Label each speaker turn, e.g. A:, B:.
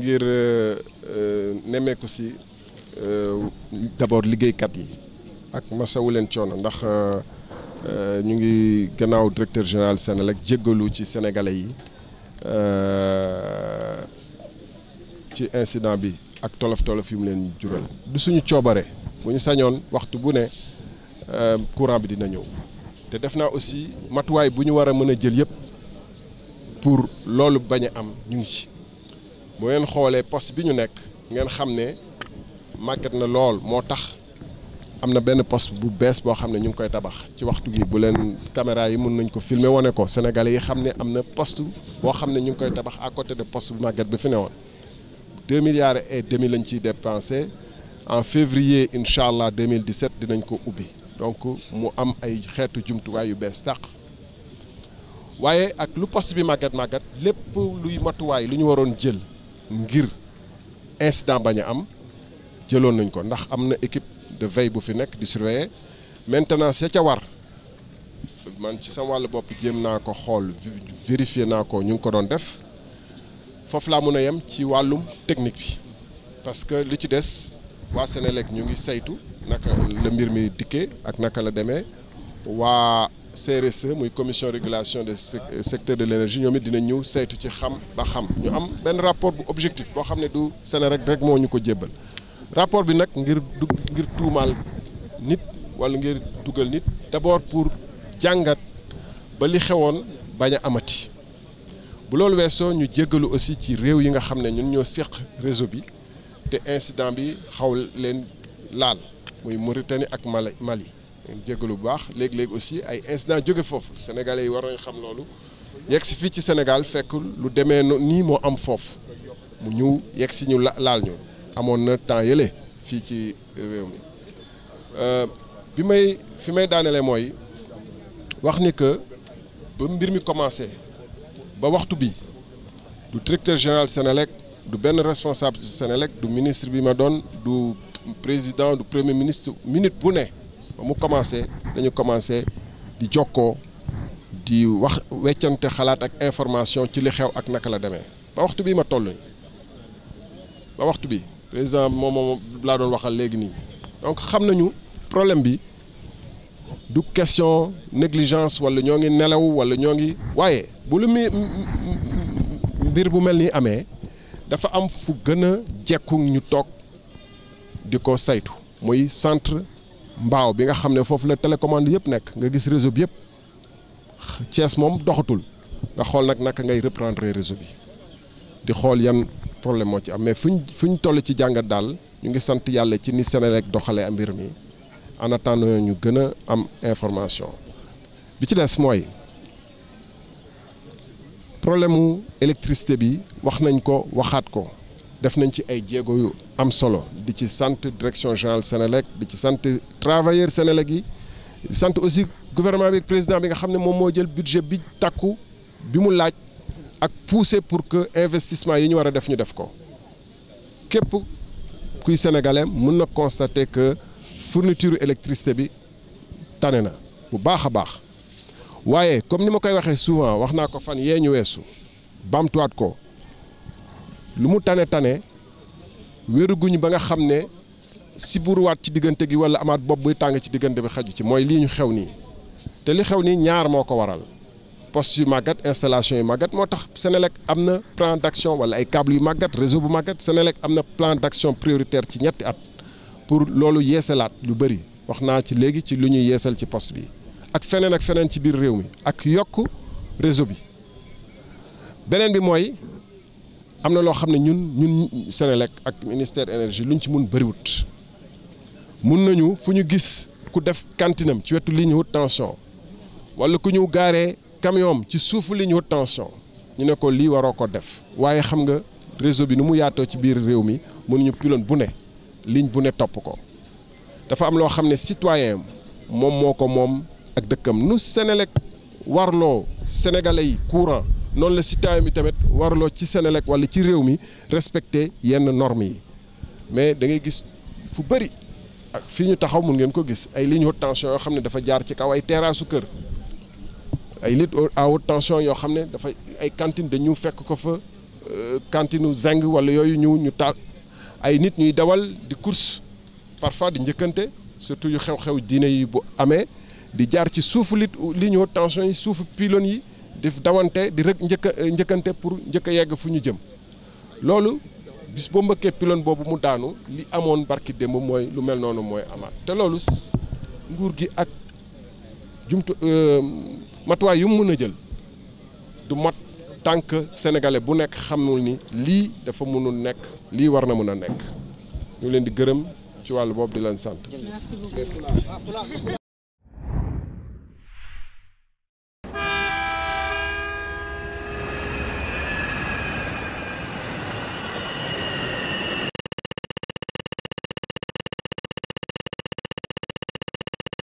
A: ngir euh, euh, nemmeeku si euh, d'abord liggéeykat yi ak masawu leen coono ndax ñu ngi gannaaw directeur général Senelec jéggalu ci sénégalais yi ci incident bi ak tolof tolof yu mu leen jural du suñu coobare bu ñu sañoon waxtu bu ne courant bi dina ñëw te def naa aussi matuwaay bu ñu war a mën a jël yëpp pour loolu bañ a am ñu ngi ci bu ngeen xoolee post bi ñu nekk ngeen xam ne màgget na lool moo tax am na benn post bu bees boo xam ne ñu ngi koy tabax ci waxtu gi bu leen caméra yi mun nañ ko filmer wane ko sénégalais yi xam ne am na post boo xam ne ñu ngi koy tabax à côté de post bu màgget bi fi newoon deux milliards et demi lañ ciy dépensé en février incha allah 2017 dinañ ko ubbi donc mu am ay xeetu jumtuwaay yu bees tàq waaye ak lu post bi màgget màgget lépp luy matuwaay lu ñu waroon jël. ngir incident bañ am jëloon nañ ko ndax am na équipe de veille bu fi nekk di surveiller maintenance ya ca war man ci sama wàllu bopp jéem naa ko xool vérifier naa ko ñu ngi ko doon def foofu laa mun a yem ci wàllum technique bi parce que li ci des waa Sénélec ñu ngi saytu naka la mbir mi dikkee ak naka la demee waa CRSE muy commission régulation des euh, secteur de l'énergie ñoom dina ñëw saytu ci xam ba xam ñu am benn rapport bu objectif boo xam ne du Senelec rek moo ñu ko jébbal rapport bi nag ngir dugg ngir tuumaal nit wala ngir dugal nit d'abord pour jàngat ba li xewoon bañ a amati bu loolu weesoo ñu jéggalu aussi ci réew yi nga xam ne ñun ñoo seq réseau bi te incident bi xaw leen laal muy Mauritanie ak Mali jéggalu lu baax léegi léegi aussi ay incident jóge foofu sénégalais yi war nañ xam loolu yegg si fii ci Sénégal fekkul lu demee nii moo am foofu mu ñëw yegg si ñu la laal ñu amoon na temps yële fii ci réew mi euh, bi may fi may daanelee mooy wax ni que ba mbir mi commencé ba waxtu bi du directeur général Sénélec du benn responsable Sénélec du ministre bi ma doon du président du premier ministre minute bu ne ba mu commencé dañu commencé di jokkoo di wax weccante xalaat ak information ci li xew ak naka la demee ba waxtu bii ma toll nii ba waxtu bi président moom moom laa doon waxal léegi nii donc xam nañu problème bi du question négligence wala ñoo ngi nelaw wala ñoo ngi waaye bu lu mi mbir bu mel ni amee dafa am fu gën a jekku ñu toog di ko saytu muy centre mbaaw bi nga xam ne foofu la télécommande yëpp nekk nga gis réseau bi yëpp cees moom doxatul nga xool nag naka ngay reprendre réseau bi di xool yan problème moo ci am mais fu ñu toll ci jàngat daal ñu ngi sant yàlla ci ni Sénélec doxalee am mbir mi en attendant ñu gën a am information bi ci des mooy problème mu électricité bi wax nañ ko waxaat ko. def nañ ci ay jéego yu am solo di ci sant direction générale Sénélec di ci sant travailleurs Sénélec yi sant aussi gouvernement bi président bi nga xam ne moom moo jël budget bi takku bi mu laaj ak pousser pour que investissement yi ñu war a def ñu def ko képp kuy sénégalais mën na constater que fourniture électricité bi tane na bu baax a baax waaye comme ni ma koy waxee souvent wax naa ko fan yee ñu weesu bamtuwaat ko. lu mu tane tane wéruguñ ba nga xam ne si buuruwaat ci diggante gi wala amaat bopp buy tàng ci diggante bi xaju ci mooy lii ñu xew nii te li xew nii ñaar moo ko waral poste yu màggat installation yu màggat moo tax Senelec am na plan d'action wala ay câble yu màggat réseau bu màggat Senelec am na plan d'action prioritaire ci ñetti at pour loolu yeesalaat lu bëri wax naa ci léegi ci lu ñuy yeesal ci post bi ak feneen ak feneen ci biir réew mi ak yokk réseau bi beneen bi mooy am na loo xam ne ñun ñun Sénélec ak ministère énergie luñ ci mun bëriwut mun nañu fu ñu gis ku def kantinam ci wetu ligne haute tension wala ku ñu gaaree camion ci suufu ligne haute tension ñu ne ko lii waroo ko def waaye xam nga réseau bi nu mu yaatoo ci biir réew mi mënuñu pylône bu ne ligne bu ne topp ko dafa am loo xam ne citoyen moom moo ko moom ak dëkkam nu Sénélec warloo sénégalais yi courant noonu la citoyen bi tamit warloo ci Sénélec wala ci réew mi respecter yenn normes yi mais da ngay gis fu bëri ak fii ñu taxaw mun ngeen ko gis ay lignes haute tension yoo xam ne dafa jaar ci kaw ay terrassu kër ay lignes à haute tension yoo xam ne dafa ay cantine dañu fekk ko fa euh, cantine zinc wala yooyu ñu ñu taal ay nit ñuy dawal di course parfois di njëkkante surtout yu xew-xew diine yi bu amee di jaar ci suufu lit ligne haute tension yi suufu pylônes yi di dawante di rek njëkk njëkkante pour njëkk a yegg fu ñu jëm loolu bis boo mbëkkee pylône boobu mu daanu li amoon barki démb mooy lu mel noonu mooy amaat te loolu nguur gi ak jumtu euh, matuwaay yu mu mën a jël du mat tant que sénégalais bu nekk xamul ni lii dafa mënul nekk lii war na mën a nekk ñu leen di gërëm ci wàllu boobu di leen sant.